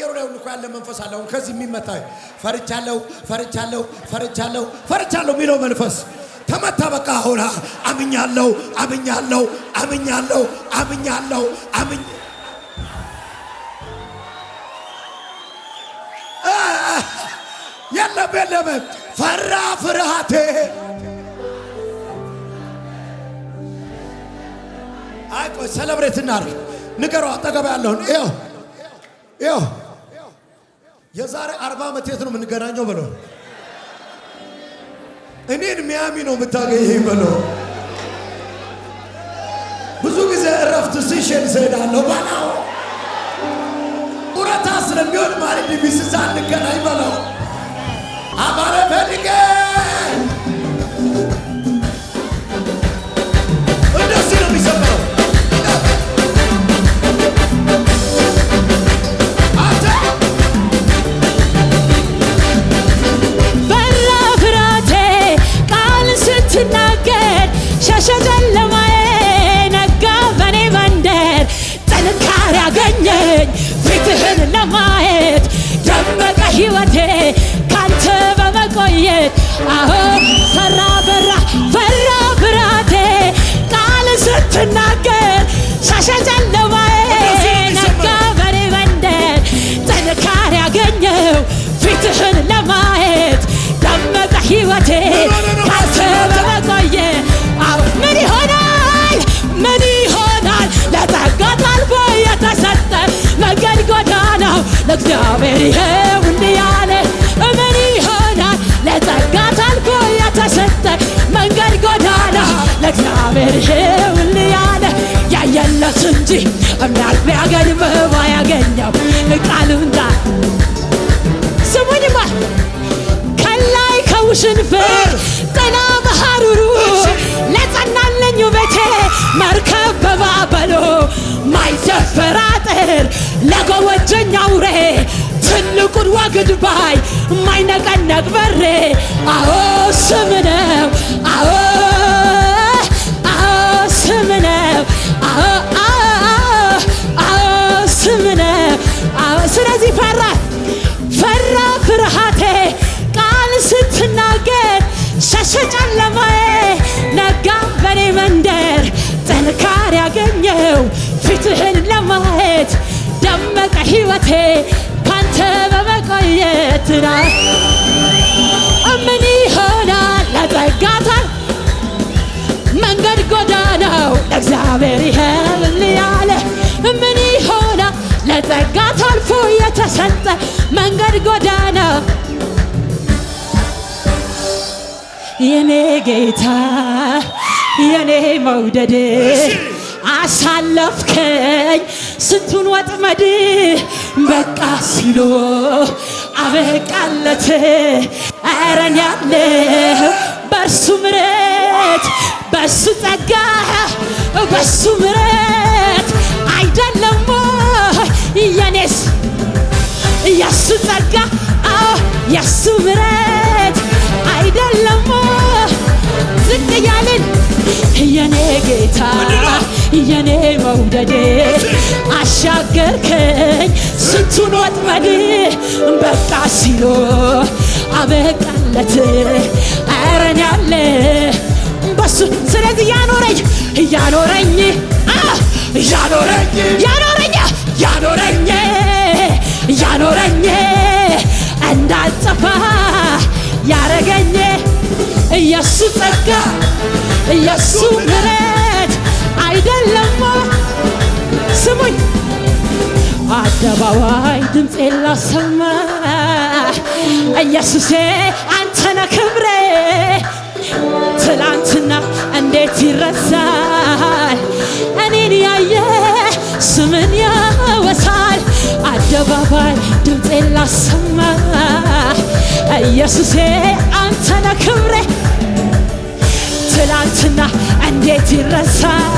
በአየሩ ላይ እኮ ያለ መንፈስ አለ። አሁን ከዚህ የሚመታ ፈርቻለሁ፣ ፈርቻለሁ፣ ፈርቻለሁ፣ ፈርቻለሁ የሚለው መንፈስ ተመታ። በቃ አሁን አምኛለሁ፣ አምኛለሁ፣ አምኛለሁ፣ አምኛለሁ፣ አምኝ የለም የለም፣ ፈራ ፍርሃቴ አይ ሰለብሬት እናድርግ። ንገረው አጠገብ ያለውን ይኸው ይኸው የዛሬ አርባ ዓመት የት ነው የምንገናኘው በለው። እኔን ሚያሚ ነው የምታገኘኝ በለው። ብዙ ጊዜ እረፍት ሲሸን ስሄዳለሁ በለው። ጡረታ ስለሚሆን ማሪ ቢቢሲ እንገናኝ በለው። አባረ ፈልጌ ሳትናገር ሻሸ ጨለማዬ ነጋ በርበንደር ጥንካሬ ያገኘው ፊትህን ለማየት ደመቀ ህይወቴ ካንተ በመቆየ ምን ይሆናል ምን ይሆናል ለጸጋ ጠልቦ የተሰጠ መንገድ ጎዳናው ለእግዚአብሔር ይኸው እንዲህ ምን ይሆናል ለጸጋ ጠልቦ የተሰጠ መንገድ ጎዳና ለእግዚአብሔር ይኸው አምላክ ቢያገድምህ ባያገኘው ቃሉና ስሙኝማ ከላይ ከውሽንፍር ጥላ ለጸናለኝ መርከብ በባበሎ ማይሰፈር አጥር ትልቁን ባይ ማይነቀነቅ በሬ አዎ ስም ነው አዎ ሸሽ ጨለማዬ ነጋ በኔ መንደር ጥንካሬ ያገኘው ፊትህን ለማየት ደመቀ ሕይወቴ ካንተ በመቆየት ና ምን ይሆናል ለጠጋታል መንገድ ጎዳናው እግዚአብሔር ይኸውልያለ ምን ይሆናል ለጠጋት አልፎ የተሰጠ መንገድ ጎዳና የኔ ጌታ የኔ መውደድ አሳለፍከኝ ስንቱን ወጥመድ በቃ ሲሎ አበቃለት አረን ምረት በሱ ጸጋ በሱ ምረት አይደለም የኔስ የሱ ጸጋ የሱ ምረት አይደለም የኔ ጌታ የኔ መውደዴ አሻገርከኝ ስንቱን ወጥመድ በቃ ሲሎ አበቃለት አረን ያለ በሱ ስለዚህ ያኖረኝ እያኖረኝ እያኖረኝ ያኖረኝ ያኖረኝ ያኖረኝ እንዳልጠፋ ያረገኝ ኢየሱስ ጸጋ ኢየሱ ምሕረት አይደለም ስሙኝ አደባባይ ድምፄን ላሰማ ኢየሱሴ አንተነ ክብሬ ትላንትና እንዴት ይረሳል? እኔን ያየ ስምን ያወሳል። አደባባይ ድምፄን ላሰማ ኢየሱሴ አንተነ ክብሬ ትላንትና እንዴት ይረሳል?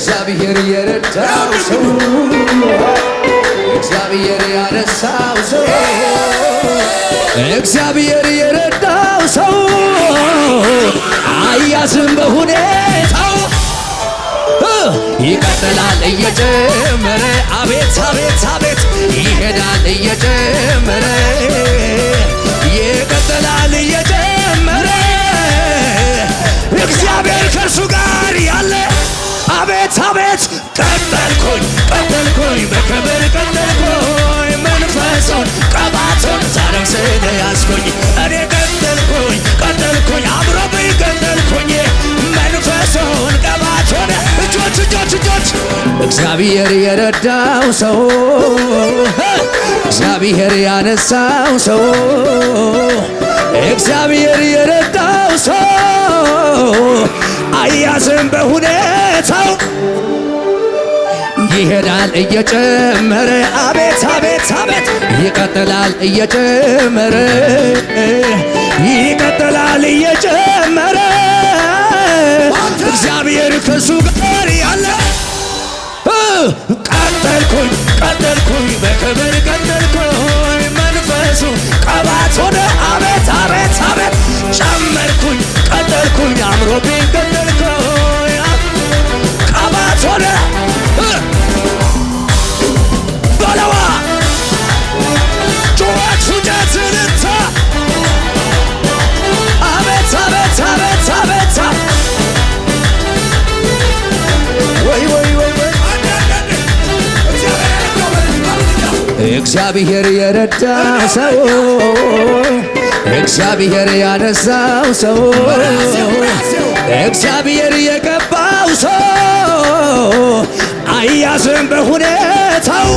እግዚአብሔር የረዳው ሰው እግዚአብሔር ያነሳው ሰው እግዚአብሔር የረዳው ሰው አያዝም በሁኔታው ይቀጥላል እየጨመረ አቤት አቤት አቤት ይሄዳል እየጨመረ ይቀጥላል እየ እግዚአብሔር የረዳው ሰው እግዚአብሔር ያነሳው ሰው እግዚአብሔር የረዳው ሰው አያዝም በሁኔታው ይሄዳል እየጨመረ አቤት አቤት አቤት ይቀጥላል እየጨመረ ይቀጥላል እየጨመረ እግዚአብሔር ከሱ ጋር ቀጠልኩኝ ቀጠልኩኝ በክብር እግዚአብሔር የረዳው ሰው እግዚአብሔር ያነሳው ሰው እግዚአብሔር የገባው ሰው አያዝም በሁኔታው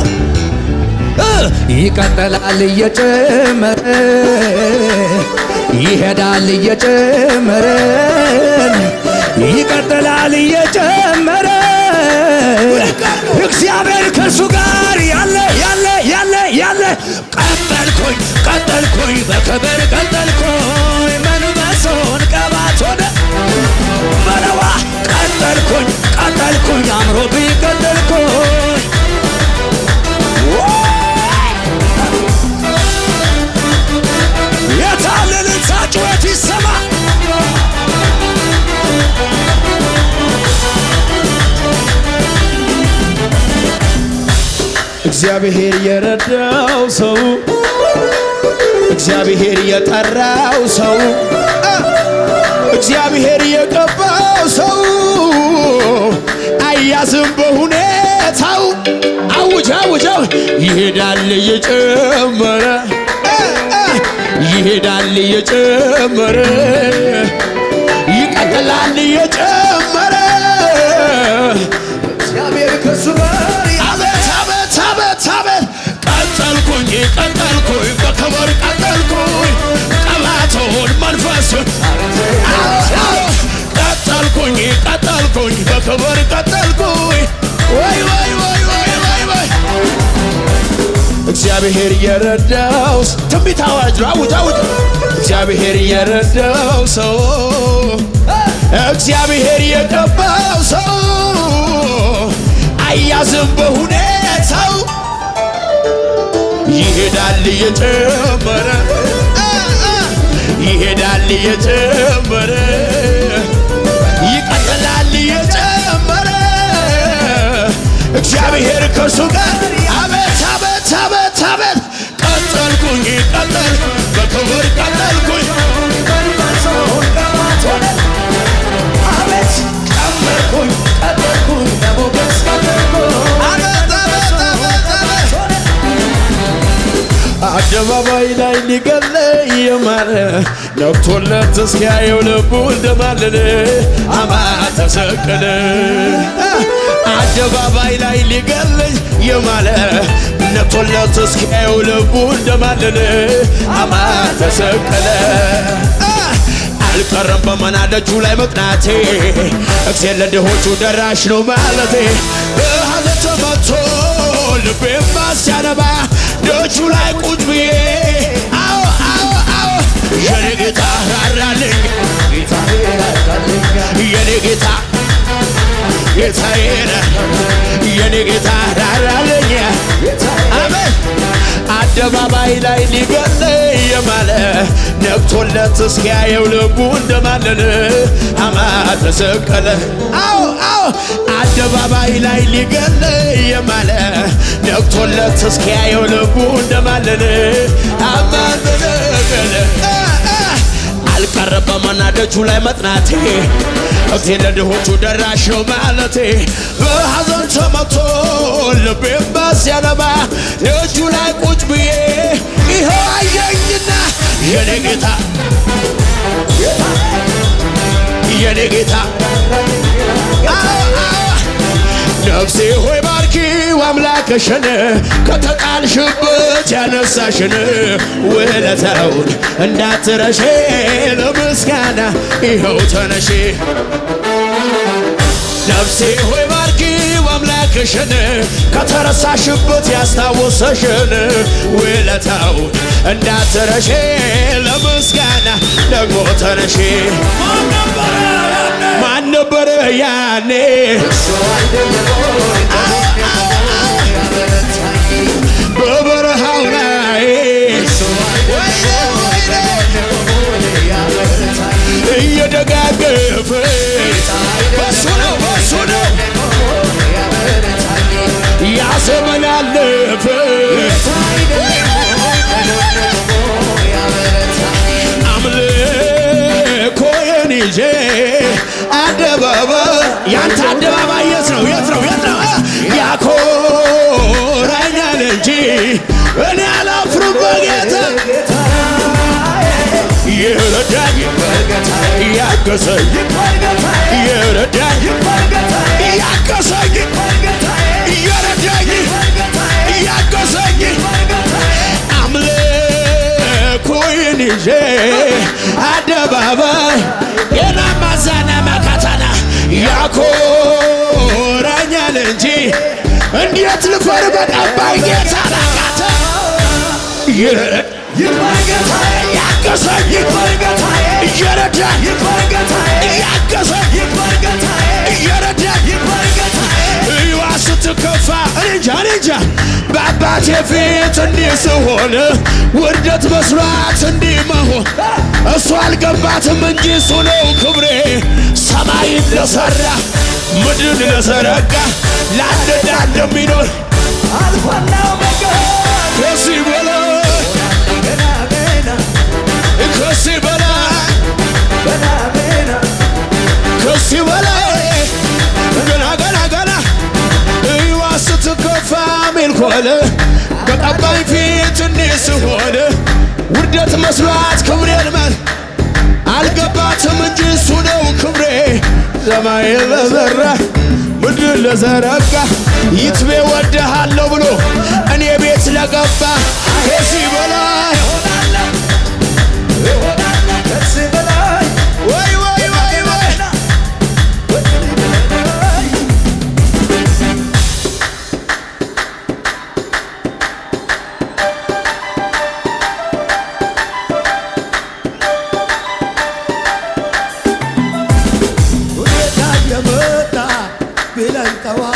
ይቀጥላል እየጨመረ ይሄዳል እየጨመረን ይቀጥላል እየጨመረ እግዚአብሔር ከእርሱ ጋር ያለ በክብር ቀጠልኩኝ መንበሱን ቀባቶን መለዋ ቀጠልኩኝ ቀጠልኩኝ አምሮብኝ ቀጠልኩኝ የታለልን ሳጭወት ይሰማ እግዚአብሔር የረዳው ሰው እግዚአብሔር የጠራው ሰው እግዚአብሔር የቀባው ሰው አያዝም በሁኔታው። አውጅ አውጅ ይሄዳል እየጨመረ ይሄዳል እየጨመረ ተልቦን ቀጠልኩኝ ወይ ወይ ወይ ወይ ወይ ወይ እግዚአብሔር እየረዳው ትንቢት አዋጅ ነው። አውጅ አውጅ እግዚአብሔር እየረዳው ሰው እግዚአብሔር እየቀባው ሰው አያዝም በሁኔታው ይሄዳል እየጨመረ ይሄዳል እየጨመረ ይቀጥላል እግዚአብሔር ከሱ ጋር አመት አመት አመት አመት ቀጠልኩኝ ቀጠል በክብር ቀጠልኩኝ ቀመርኩኝ ቀጠልኩኝ በሞገስ አደባባይ ላይ ሊገለ የማለ ነፍቶለት እስኪያየው ልቡ እንደማለለ አማራ ተሰቀለ አደባባይ ላይ ሊገለኝ የማለ ነፍቶለት እስኪያየው ልቡ እንደማለለ ተሰቀለ አልቀረም በመናደጁ ላይ መቅናቴ እግዚአብሔር ለድሆቹ ደራሽ ነው ማለቴ በሐዘን ተመቶ ልቤ ማስያነባ ደጁ ላይ ቁጭ ብዬ የኔ ጌታ ራራልኝ፣ የኔ ጌታ ጌታዬ የኔ ጌታ ራራልኝ። አሜን አደባባይ ላይ ሊገለይ የማለ ነግቶለት እስኪያየው ልቡ እንደማለን አማ ተሰቀለ። አዎ አዎ አደባባይ ላይ ሊገለይ የማለ ነግቶለት እስኪያየው ልቡ እንደማለን አማ ተሰቀለ። አልቀረበምና ደጁ ላይ መጥናቴ እቴ ለድሆቹ ደራሽ ነው ማለቴ በሐዘን ተመቶ ልቤ ሲያነባ ደጁ ላይ ቁጭ ብዬ ይኸው አየኝና የኔ ጌታ የኔ ጌታ ነፍሴ ሆይ ሆይ አምላክሽን ከተጣልሽበት ያነሳሽን ውለታውን እንዳትረሺ ለምስጋና ይኸው ተነሺ ነፍሴ ሆይ ባርኪው አምላክሽን ከተረሳሽበት ያስታወሰሽን ውለታውን እንዳትረሺ ለምስጋና ደግሞ ተነሺ ማን ነበረ ያኔ ያንተ አደባባይ የት ነው? የት ነው? የት ነው? ያኮራኛል እንጂ እኔ አላፍርም በጌታ የረዳኝ ያገሰኝ የረዳኝ ያገሰኝ የረዳኝ ይዤ አደባባይ እንዴት ልፈር በቀባይ ጌታ ላቃተ ይፈርገታ ያገሰ ይፈርገታ በአባቴ ፊት እንዲህ ስሆን ውርደት መስሏት እንዲህ መሆን እሱ አልገባትም እንጂ እሱ ነው ክብሬ ምድርን ለዘረጋ ላንዳ ለሚኖር አልፋና ኦሜጋ ከዚህ በላይ ከዚህ በላይ ከዚህ በላይ ገና ገና ገና እዩዋ ስትከፋ ሚልኮል በጠባይ ፊት እንዲህ ስሆን ውርደት መስሏት ክብሬን መል አልገባትም እንጂ እሱ ነው ክብሬ ሰማይ ለዘራ ምድር ለዘረጋ ይትቤ ወድሃለሁ ብሎ እኔ ቤት ለገባ ሄሲ በላ 歌は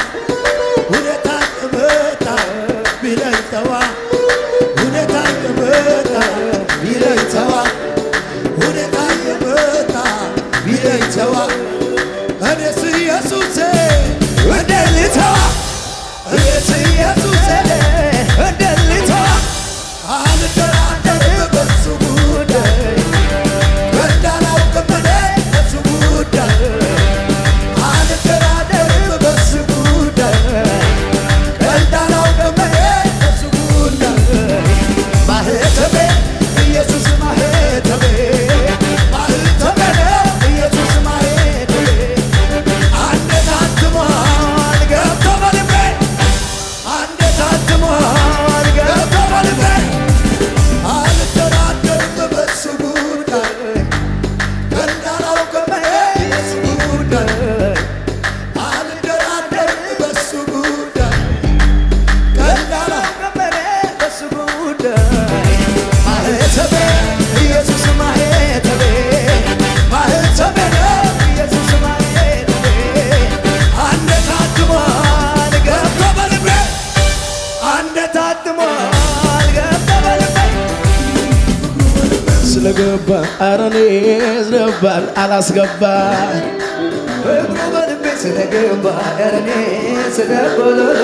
አረኔዝ ነበር አላስገባ እግሩ በልቤ ስለገባ አረኔዝ ነበር